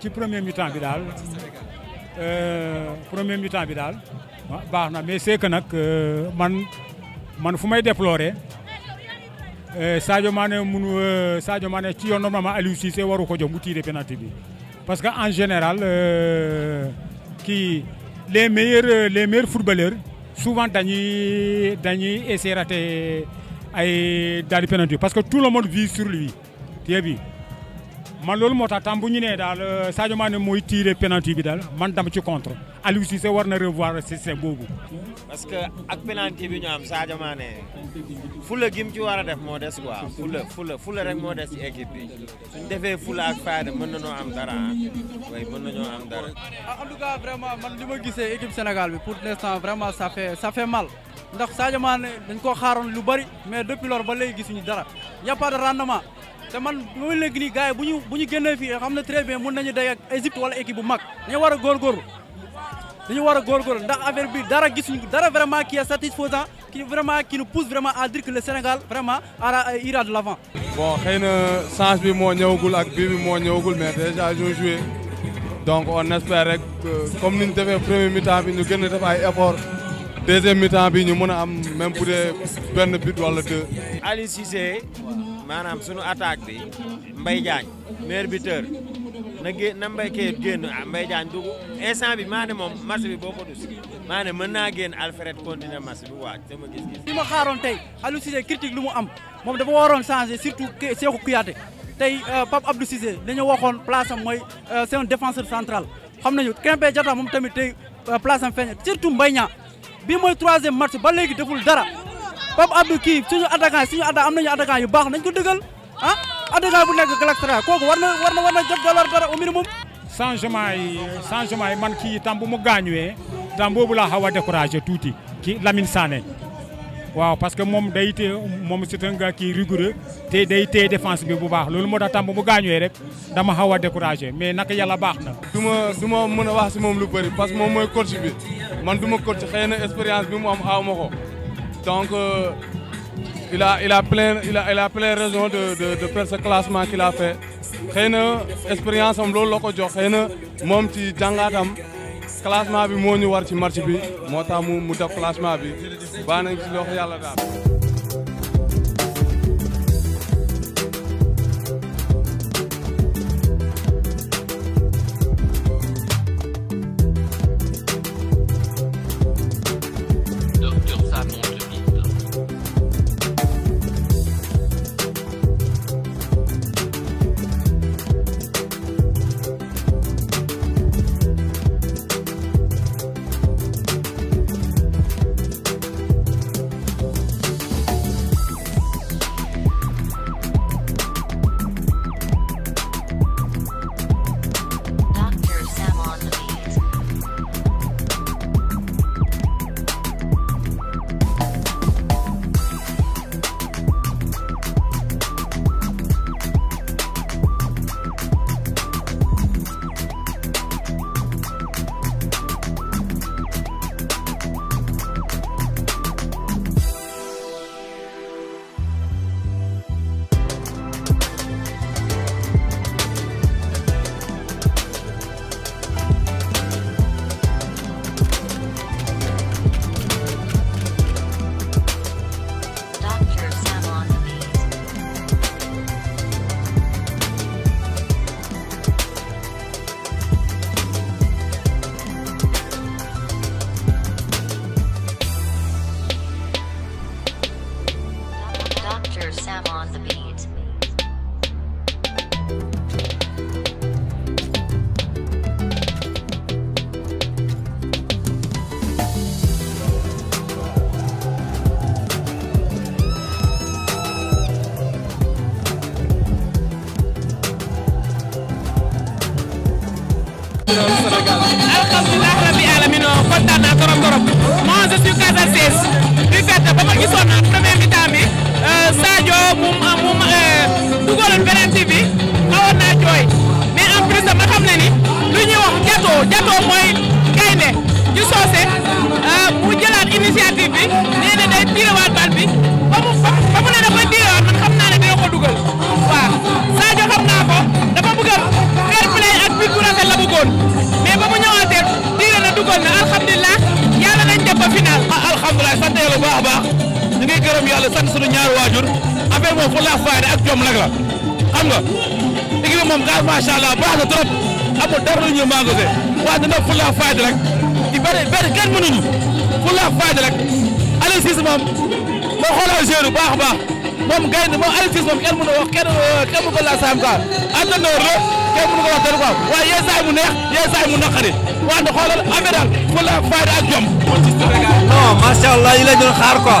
ci premier mi-temps bi daal euh, premier mi-temps bi daal baax na mais c'est que nag euh, man man fu may déplorer euh, Sadio Mané munu Sadio Mané ci yoon normalement Aliou Cissé waru ko jox mu tiré penalty bi parce que en général kii les meilleurs les meilleurs footballeurs souvent dañuy dañuy essayer raté ay daal di penalty parce que tout le monde vit sur lui tu as vu man loolu moo tax tam bu ñu nee daal euh, Sadio Mané mooy tiré penalty bi daal man dama ci contre Aliou Cissé war na revoir système boobu. parce que ak penalty bi ñu am Sadio Mané fula gim ci war def moo des quoi fula fula fula rek moo des ci bi suñ defee fula ak fayda mën nañoo am dara ah oui mën nañoo am dara. en tout cas vraiment man di ma gisee équipe Sénégal bi pour l'instant vraiment ça fait ça mal. ndax Sadio Mané dañ koo xaaroon lu bari mais depuis lors ba léegi gisuñu dara a rendement. te man bu ma léegi nii gars bu ñu bu ñu génnee fii xam ne très bien nañu day ak Égypte wala équipe bu mag dañu war a góorgóorlu dañu war a góorgóorlu ndax affaire bi dara gisuñu dara vraiment qui est satisfaisant qui vraiment qui nous pousse vraiment à dire le Sénégal vraiment ara euh, ira de bon xëy na change bi moo ñëwagul ak bii bi moo ñëwagul mais déjà ñu joué donc on espère rek comme ni ñu defee premier mi-temps bi ñu gën a def ay effort deuxième mi-temps ñu mën a am même bu dee benn but wala deux maanaam sunu attaque bi Mbaye Diagne meilleur buteur na gé na Mbaye kay génn ah Mbaye Diagne dugg instant bi maa moom match bi boo ko dus maa ne mën naa génn Alfred continuer match bi waaj sama gis-gis. li ma xaaroon tey Aliou Cissé critique lu mu am moom dafa waroon changer surtout Cheikhou Kouyaté tey euh, Pape Abdou Cissé dañoo waxoon place am mooy euh, c'est un défenseur central xam nañu Krépin Diatta moom tamit tey euh, place am feeñ surtout Mbaye bi mooy troisième match ba léegi deful dara. Pape Abdou kii suñu attaquant suñu attaquant am nañu attaquant yu baax nañ ko dëggal ah attaquant bu nekk Galatasaray kooku war na war na war na jot dollar dara au minimum. changement yi changement man kii tam bu mu gaañuwee tam boobu laa xaw a découragé tuuti ki Lamine Sané waaw parce que moom day téye moom c'est un gars qui rigoureux te day téye défense bi bu baax loolu moo tax tam bu mu gaañuwee rek dama xaw a découragé mais naka yàlla baax na. du ma du ma mën a wax si moom lu bëri parce moom mooy coach bi man du ma coach xëy bi mu am aw Donc, euh, il, a, il, a plein, il, a, il a plein raison de, de, de faire ce classement qu'il a fait. xëy expérience am loolu la ko jox xëy na ci jàngaatam classement bi moo ñu war ci match bi moo tax mu mu classement bi baax nañ ci daal. alhamdulilah rabbi alamin kontaan naa torop torop moi je suis Casases di fête ba ma gisoon naa premier mi-temps bi Sadio mu mu dugaloon penalty bi xawoon naa jooy mais en plus ma xam ne ni lu ñuy wax jato jato mooy gaynde ci soose mu jëlaat initiative bi suñu ñaar wajur affaire mo fu la faade ak jom nak la xam nga mom moom ma sha allah baax na trop amu dara ñu ñuy mangosé waaye dina fu la faade rek di bari bari bëri mënu ñu fu la faade rek Aliou Cissé moom moo xoolal jeu bu baax a baax moom gaynde mo Aliou Cissé moom kenn mënu wax kenn kenn mënu la laa ka quoi no re kenn mënu ko wax dara quoi waaye yee saay mu neex yee saay mu nakari wa da xolal amé dal fu la faade ak jom. non ma sha allah yi la doon xaar quoi.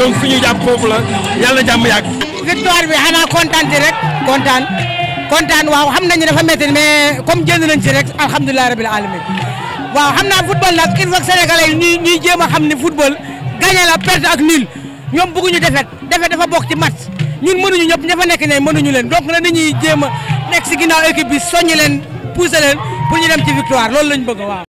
donc fi ñu jàpp foofu la yàlla na jàmm yàgg. victoire bi xanaa kontaan ci rek kontaan kontaan waaw xam nañu dafa métti mais comme jënd nañ ci rek alhamdulilah rabil alamin waaw xam naa football nag il faut que sénégalais yi ñuy ñuy jéem a xam ni football gagné la perte ak nul ñoom bëgguñu defet defet dafa bokk ci match ñun mënuñu ñëpp ña fa nekk ne mënuñu leen donc na nit ñuy jéem a nekk si ginnaaw équipe bi soññi leen poussé ñu dem ci victoire loolu lañ bëgg waaw.